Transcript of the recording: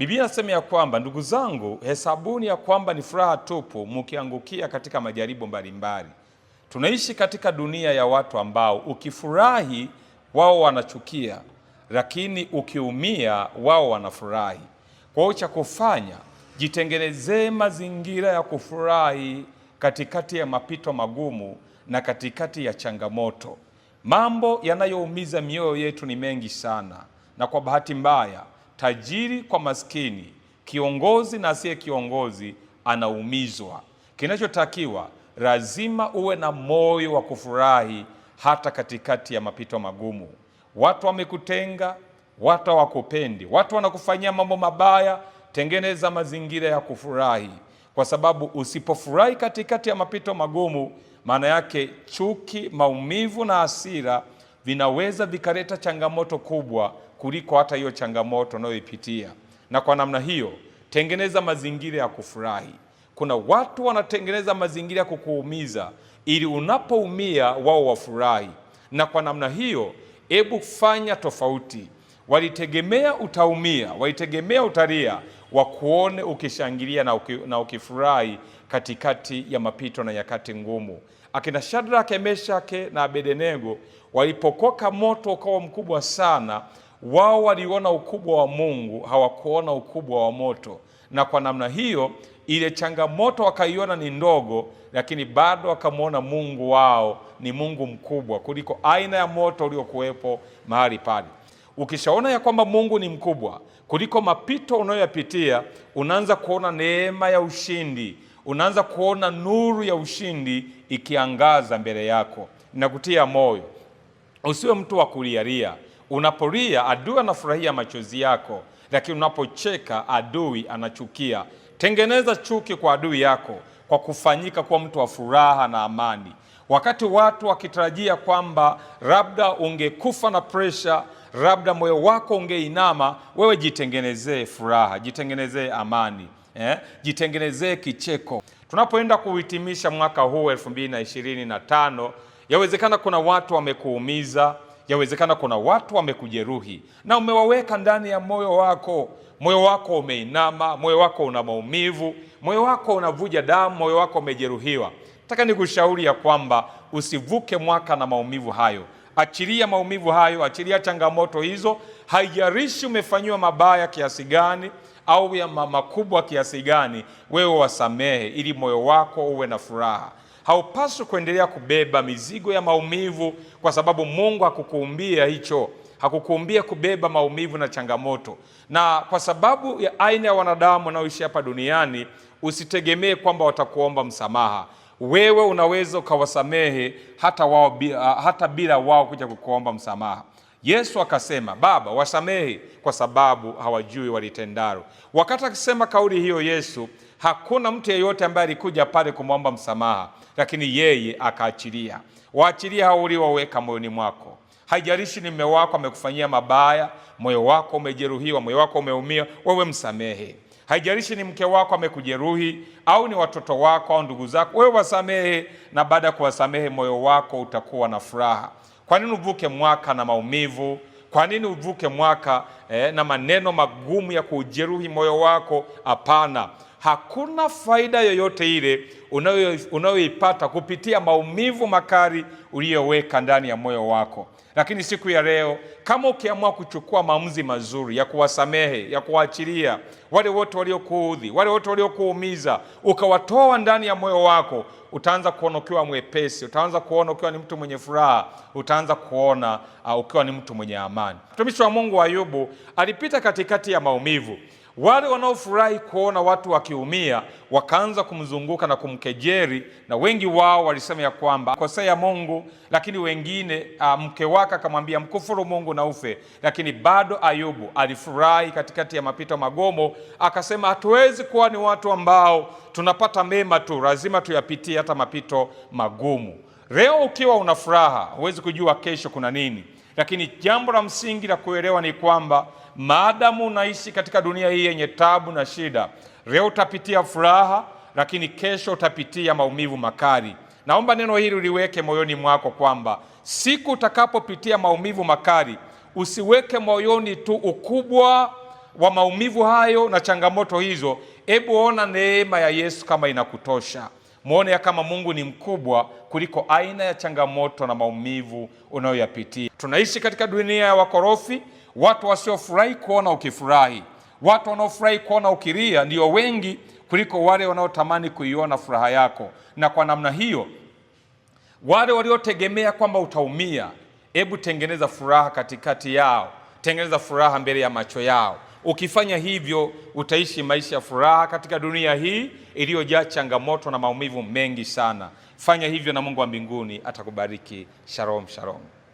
Biblia inasema ya kwamba ndugu zangu, hesabuni ya kwamba ni furaha tupu mukiangukia katika majaribu mbalimbali. Tunaishi katika dunia ya watu ambao ukifurahi wao wanachukia, lakini ukiumia wao wanafurahi. Kwa hiyo cha kufanya, jitengenezee mazingira ya kufurahi katikati ya mapito magumu na katikati ya changamoto. Mambo yanayoumiza mioyo yetu ni mengi sana, na kwa bahati mbaya tajiri kwa maskini, kiongozi na asiye kiongozi anaumizwa. Kinachotakiwa lazima uwe na moyo wa kufurahi hata katikati ya mapito magumu. Watu wamekutenga, watu hawakupendi, watu wanakufanyia mambo mabaya. Tengeneza mazingira ya kufurahi, kwa sababu usipofurahi katikati ya mapito magumu, maana yake chuki, maumivu na hasira vinaweza vikaleta changamoto kubwa kuliko hata hiyo changamoto unayoipitia. Na kwa namna hiyo tengeneza mazingira ya kufurahi. Kuna watu wanatengeneza mazingira ya kukuumiza ili unapoumia wao wafurahi, na kwa namna hiyo, ebu fanya tofauti. Walitegemea utaumia, walitegemea utalia, wakuone ukishangilia na, uki, na ukifurahi katikati ya mapito na nyakati ngumu. Akina Shadraka, Meshake na Abednego walipokoka moto ukawa mkubwa sana, wao waliona ukubwa wa Mungu, hawakuona ukubwa wa moto, na kwa namna hiyo ile changamoto wakaiona ni ndogo, lakini bado wakamwona Mungu wao ni Mungu mkubwa kuliko aina ya moto uliokuwepo mahali pale. Ukishaona ya kwamba Mungu ni mkubwa kuliko mapito unayoyapitia, unaanza kuona neema ya ushindi, unaanza kuona nuru ya ushindi ikiangaza mbele yako. Nakutia moyo usiwe mtu wa kulialia. Unapolia adui anafurahia machozi yako, lakini unapocheka adui anachukia. Tengeneza chuki kwa adui yako kwa kufanyika kuwa mtu wa furaha na amani. Wakati watu wakitarajia kwamba labda ungekufa na presha, labda moyo wako ungeinama, wewe jitengenezee furaha, jitengenezee amani eh, jitengenezee kicheko. Tunapoenda kuhitimisha mwaka huu elfu mbili na ishirini na tano, yawezekana kuna watu wamekuumiza yawezekana kuna watu wamekujeruhi na umewaweka ndani ya moyo wako. Moyo wako umeinama, moyo wako una maumivu, moyo wako unavuja damu, moyo wako umejeruhiwa. Nataka nikushauri ya kwamba usivuke mwaka na maumivu hayo. Achilia maumivu hayo, achilia changamoto hizo. haijarishi umefanyiwa mabaya kiasi gani au ya makubwa kiasi gani, wewe wasamehe, ili moyo wako uwe na furaha. Haupaswi kuendelea kubeba mizigo ya maumivu, kwa sababu Mungu hakukuumbia hicho, hakukuumbia kubeba maumivu na changamoto. Na kwa sababu ya aina ya wanadamu wanaoishi hapa duniani, usitegemee kwamba watakuomba msamaha. Wewe unaweza ukawasamehe hata wao, hata bila wao kuja kukuomba msamaha. Yesu akasema, Baba, wasamehe kwa sababu hawajui walitendalo. Wakati akisema kauli hiyo, Yesu hakuna mtu yeyote ambaye alikuja pale kumwomba msamaha, lakini yeye akaachilia. Waachilia hao uliowaweka moyoni mwako. Haijalishi ni mume wako amekufanyia mabaya, moyo wako umejeruhiwa, moyo wako umeumia, wewe msamehe. Haijalishi ni mke wako amekujeruhi, au ni watoto wako au ndugu zako, wewe wasamehe, na baada ya kuwasamehe, moyo wako utakuwa na furaha. Kwa nini uvuke mwaka na maumivu? Kwa nini uvuke mwaka eh, na maneno magumu ya kujeruhi moyo wako? Hapana hakuna faida yoyote ile unayoipata kupitia maumivu makali uliyoweka ndani ya moyo wako. Lakini siku ya leo, kama ukiamua kuchukua maamuzi mazuri ya kuwasamehe, ya kuwaachilia wale wote waliokuudhi, wale wote waliokuumiza, ukawatoa ndani ya moyo wako, utaanza kuona ukiwa mwepesi, utaanza kuona ukiwa ni mtu mwenye furaha, utaanza kuona uh, ukiwa ni mtu mwenye amani. Mtumishi wa Mungu Ayubu alipita katikati ya maumivu. Wale wanaofurahi kuona watu wakiumia wakaanza kumzunguka na kumkejeri, na wengi wao walisema ya kwamba kosea Mungu, lakini wengine a, ah, mke wake akamwambia mkufuru Mungu na ufe. Lakini bado Ayubu alifurahi katikati ya mapito magomo, akasema hatuwezi kuwa ni watu ambao tunapata mema tu, lazima tuyapitie hata mapito magumu. Leo ukiwa una furaha, huwezi kujua kesho kuna nini, lakini jambo la msingi la kuelewa ni kwamba maadamu unaishi katika dunia hii yenye tabu na shida, leo utapitia furaha, lakini kesho utapitia maumivu makali. Naomba neno hili uliweke moyoni mwako kwamba siku utakapopitia maumivu makali, usiweke moyoni tu ukubwa wa maumivu hayo na changamoto hizo. Hebu ona neema ya Yesu kama inakutosha, mwone ya kama Mungu ni mkubwa kuliko aina ya changamoto na maumivu unayoyapitia. Tunaishi katika dunia ya wakorofi Watu wasiofurahi kuona ukifurahi, watu wanaofurahi kuona ukilia ndio wengi kuliko wale wanaotamani kuiona furaha yako. Na kwa namna hiyo, wale waliotegemea kwamba utaumia, hebu tengeneza furaha katikati yao, tengeneza furaha mbele ya macho yao. Ukifanya hivyo utaishi maisha ya furaha katika dunia hii iliyojaa changamoto na maumivu mengi sana. Fanya hivyo na Mungu wa mbinguni atakubariki. Shalom, shalom.